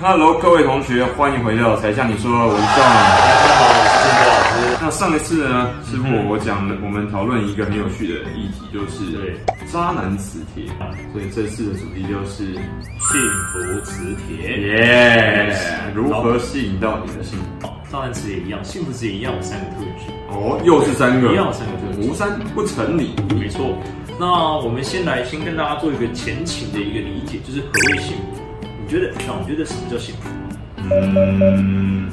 Hello，各位同學，歡迎回到柴 Sean 你說文章。大家好，我是朕嘉老師。那上一次呢，師傅我，、嗯、我講我們討論一個很有趣的議題，就是對渣男磁鐵、啊。所以這次的主題就是幸福磁鐵，耶、yeah,！如何吸引到你的幸福？渣男磁鐵一樣，幸福磁鐵一樣有三個特質。哦，又是三個，一樣有三個特質。無三不成禮，沒錯。那我們先來先跟大家做一個前情的一個理解，就是何為幸福？覺得，我覺得什麼叫幸福？嗯，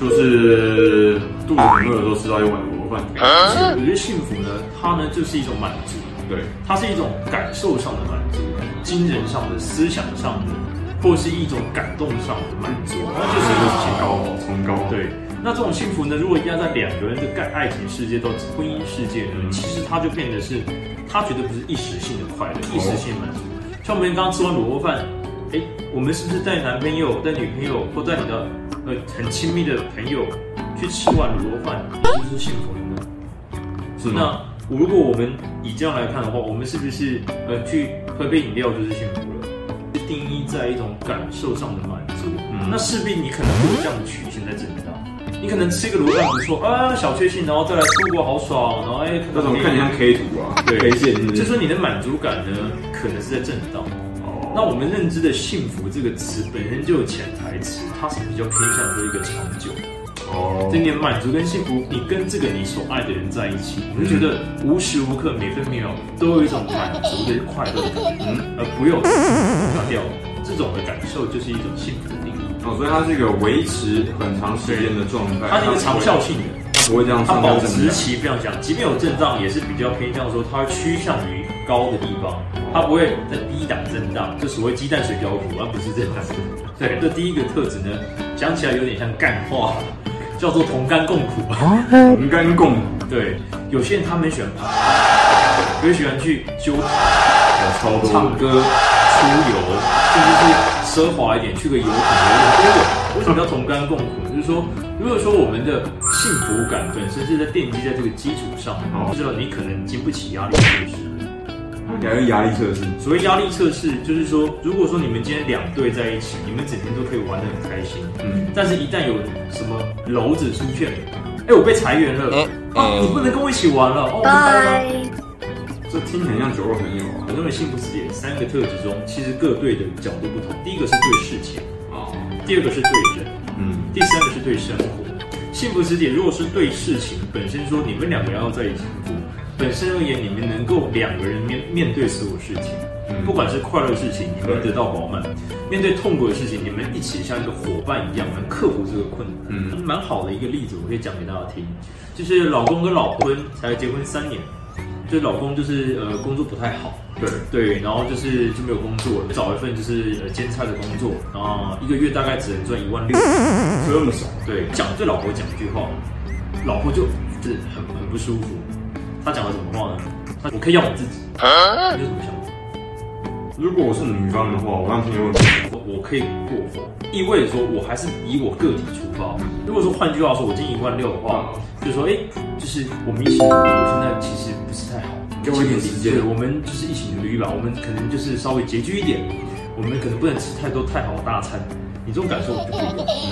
就是肚子餓了，都吃到一碗蘿蔔飯。其、嗯、實，我覺得幸福呢，它呢就是一種滿足，對，它是一種感受上的滿足，精神上的、思想上的、嗯，或是一種感動上的滿足，那、嗯、就是一種崇高、哦、崇高。對，那這種幸福呢，如果要在兩個人的愛愛情世界到婚姻世界呢、嗯，其實它就變得是，它絕對不是一時性的快樂，一時性滿足、哦。像我們剛剛吃完蘿蔔飯。哎，我們是不是帶男朋友、帶女朋友，或帶你的呃很親密的朋友去吃碗滷肉飯，就是，是幸福了呢？是。那我如果我們以這樣來看的話，我們是不是呃去喝杯飲料就是幸福了？定義在一種感受上的滿足。嗯、那勢必你可能會有這樣的曲線在正道、嗯。你可能吃個滷肉飯不錯啊，小確幸，然後再來出國好爽，然後哎。那怎麼看你像 K 圖啊？對，K 線是不是就是說你的滿足感呢，可能是在正道。那我們認知的幸福這個詞本身就有潛台詞，它是比較偏向做一個長久的。哦，就你滿足跟幸福，你跟這個你所愛的人在一起，mm -hmm. 你就覺得無時無刻每分每秒都有一種滿足的快樂的感覺，嗯、mm -hmm.，而不用擦掉這種的感受，就是一種幸福的定義。哦、oh,，所以它是一個維持很長時間的狀態，它是一個長效性的。它保持期非常強，即便有震盪也是比較偏向說它趨向於高的地方，它不會在低檔震盪，就所謂雞蛋水餃股，而不是這樣子。對，這第一個特質呢，講起來有點像幹話，叫做同甘共苦 同甘共苦。對，有些人他們喜歡爬，有喜歡去揪，唱歌、出遊，甚至是奢華一點，去個遊艇。因為為什麼叫同甘共苦？就是說，如果說我們的。幸福感本身是在奠基在這個基礎上，哦、嗯，知、就、道、是、你可能經不起壓力測試。壓力壓力測試，所謂壓力測試，就是說，如果說你們今天兩隊在一起，你們整天都可以玩得很開心，嗯，但是一旦有什麼簍子出現哎、嗯，欸，我被裁員了，哦、嗯，啊，你不能跟我一起玩了、啊，嗯，哦，拜拜、嗯。這聽起來很像酒肉朋友啊，我認為幸福事業三個特質中，其實各隊的角度不同。第一個是對事情、嗯、第二個是對人、嗯，第三個是對生活。幸福之姐，如果是對事情本身說，你們兩個人要在一起幸福本身而言，你們能夠兩個人面面對所有事情，不管是快樂事情，你們得到飽滿；面對痛苦的事情，你們一起像一個夥伴一樣，能克服這個困難、嗯，蠻好的一個例子，我可以講給大家聽，就是老公跟老婆才結婚三年。就老公就是呃工作不太好，對對，然後就是就沒有工作，找一份就是呃兼差的工作，然後一個月大概只能賺一萬六，就那麼少。對，講對老婆講一句話，老婆就、就是很很不舒服。他講了什麼話呢？他說我可以要我自己，啊、你有什麼想法？如果我是女方的話，我男朋友。 我可以過活，意味着說我還是以我個體出發。如果說換句話說，我進一萬六的話，嗯、就說哎、欸，就是我們一起旅遊，現在其實不是太好。給我一點理解，我們就是一起努力吧。我們可能就是稍微拮據一點，我們可能不能吃太多太好的大餐。你這種感受就、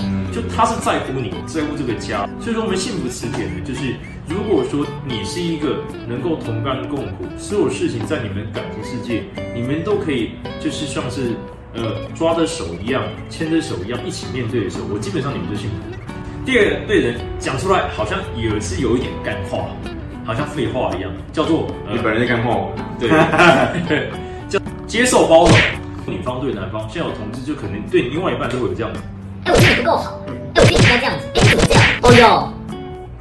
嗯，就他是在乎你在乎這個家。所以說，我們幸福磁鐵呢，就是如果說你是一個能夠同甘共苦，所有事情在你們感情世界，你們都可以就是算是。呃、抓着手一樣，牽着手一樣，一起面對的時候，我基本上你們就幸福。第二對人講出來，好像也是有一點乾話，好像廢話一樣，叫做、呃、你本人在乾話我，對，叫 接受包容。女方對男方，現在有同志就可能對另外一半都會有這樣子。哎、欸，我覺得你不夠好。哎、欸，我覺得你應該、欸、這樣子。哎、欸，怎麼這樣？哦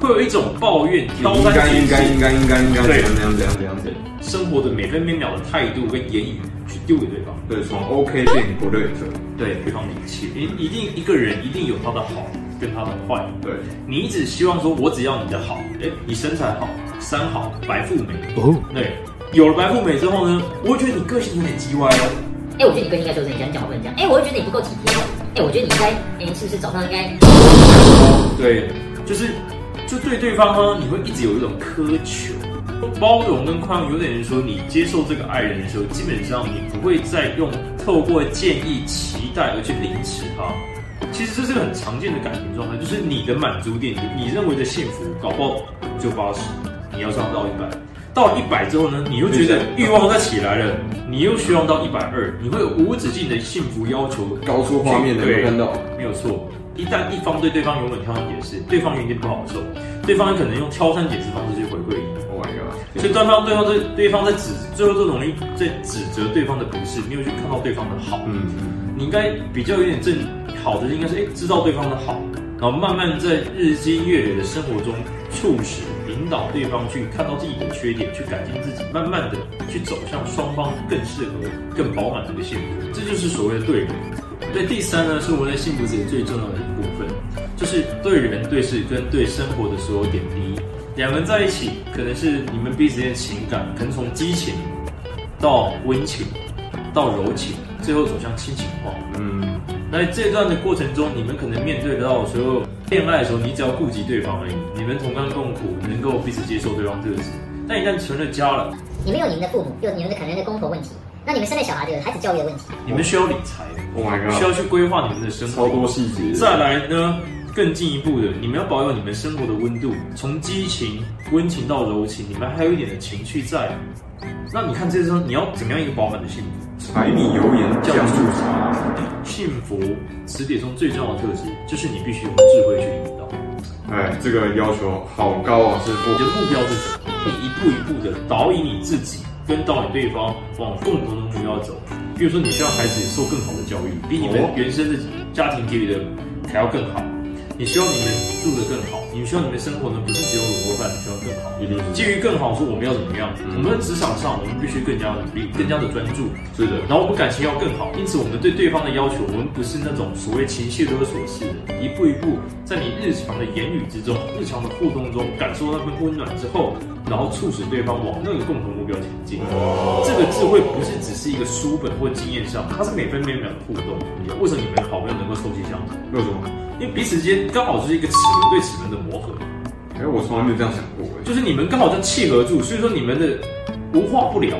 喲，會有一種抱怨，應該應該應該應該應該對，怎樣怎樣怎樣怎樣。對生活的每分每秒的態度跟言語去丟給對方。對，從 OK 這裡不對着對對方的一切。你一定一個人一定有他的好跟他的壞。對，你一直希望說，我只要你的好。哎、欸，你身材好，三好，白富美哦。對，有了白富美之後呢，我會覺得你個性有點嘰歪哦。哎、欸，我覺得你個性應該就是你這樣講，我跟你講，哎，我會覺得你不夠體貼。哎、欸，我覺得你應該，哎、欸，是不是早上應該、哦？對，就是，就對對方呢，你會一直有一種苛求。包容跟寬容有點像，說你接受這個愛人的時候，基本上你不會再用透過建議、期待而去凌遲他。其實這是個很常見的感情狀態，就是你的滿足點，你認為的幸福，搞不好就八十，你要上到一百。到一百之後呢，你又覺得欲望再起來了，你又希望到一百二，你會有無止境的幸福要求高出畫面的，沒有看到？沒有錯。一旦一方對對方原本挑三揀四，對方有一點不好受，對方可能用挑三揀四方式去回饋你。Oh my God. 所以對方對方對對方在指最後都容易在指責對方的不是，沒有去看到對方的好。嗯。你應該比較有點正好的應該是哎、欸，知道對方的好，然後慢慢在日積月累的生活中，促使引導對方去看到自己的缺點，去改進自己，慢慢的去走向雙方更適合、更飽滿的一個幸福。嗯。這就是所謂的對比。對，第三呢，是我在幸福之間最重要的就是對人、對事跟對生活的所有點滴。兩人在一起，可能是你們彼此間情感，可能從激情到溫情，到柔情，最後走向親情化。嗯，那這段的過程中，你們可能面對到所有戀愛的時候，你只要顧及對方而已。你們同甘共苦，能夠彼此接受對方特質。但一旦成了家了，你們有你們的父母，有你們的可能的公婆問題，那你們生了小孩，的有孩子教育的問題。你們需要理財。Oh my god，需要去規劃你們的生活。超多細節。再來呢？更進一步的，你們要保有你們生活的溫度，從激情、溫情到柔情，你們還有一點的情趣在。那你看這些，這時候你要怎麼樣一個飽滿的幸福？柴米油鹽醬醋茶。幸福詞典中最重要的特質，就是你必須有智慧去引導。哎，這個要求好高啊，師傅。你、哦、的目標是什麼？你一步一步的導引你自己，跟導引對方往共同的目標走。比如說，你希望孩子也受更好的教育，比你們原生的家庭給予的還要更好。哦。你需要你們住得更好，你需要你們生活呢，不是只有滷肉飯，你需要更好。就是、基於更好，說我們要怎麼樣？嗯、我們在職場上，我們必須更加努力，更加的專注，是的，然後我們感情要更好，因此我們對對方的要求，我們不是那種所謂情緒勒索式的，一步一步在你日常的言語之中、日常的互動中感受到那份溫暖之後，然後促使對方往那個共同目標前進、哦。這個智慧不是只是一個書本或經驗上，它是每分每秒的互動。為什麼你們好朋友能夠湊齊這樣？為什麼？因為彼此間剛好是一個齒輪對齒輪的磨合。哎，我從來沒有這樣想過，就是你們剛好正契合住，所以說你們的無話不聊、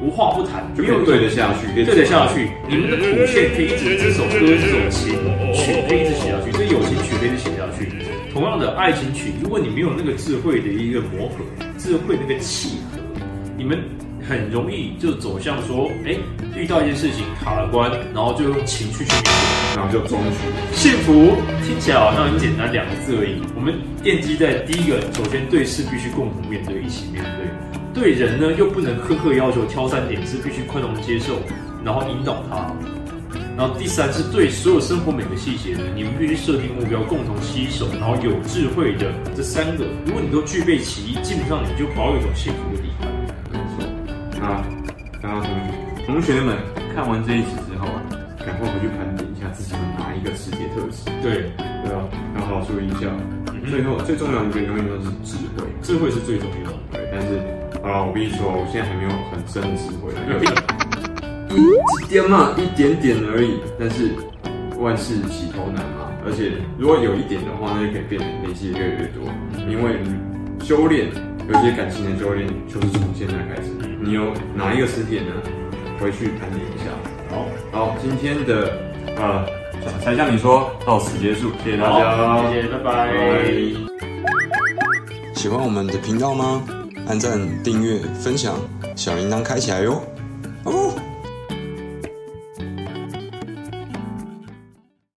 無話不談，就又對得下去，對得下去，對得下去。你們的譜線可以一直這首歌這種情曲可以一直寫下去，這友情曲可以一直寫下去。同樣的愛情曲，如果你沒有那個智慧的一個磨合，智慧那個契合，你們。很容易就走向說，哎、欸，遇到一件事情卡了關，然後就用情緒去面對，然後就裝出幸福。聽起來好像很簡單，兩個字而已。我們奠基在第一個，首先對事必須共同面對，一起面對；對人呢，又不能苛刻要求，挑三揀四，是必須寬容接受，然後引導他。然後第三是對所有生活每個細節呢，你們必須設定目標，共同攜手，然後有智慧的這三個，如果你都具備其一，基本上你就保有一種幸福的力啊，剛剛同同學們看完這一集之後啊，趕快回去盤點一下自己有哪一個磁鐵特質。對，對吧、啊？要好好注意一下、嗯。最後，最重要的我永遠都是智慧，智慧是最重要的。對，但是啊，我跟你說，我現在還沒有很深的智慧，有一點嘛，一點點而已。但是萬事起頭難嘛，而且如果有一點的話，那就可以變得累積越來越多，因為修煉。有些感情的修煉就是從現在開始，你有哪一個時點呢？回去盤點一下。好，好，今天的呃柴 Sean 你說到此結束，謝謝大家，謝謝拜拜，拜拜。喜歡我們的頻道嗎？按讚、訂閱、分享，小鈴鐺開起來喲。哦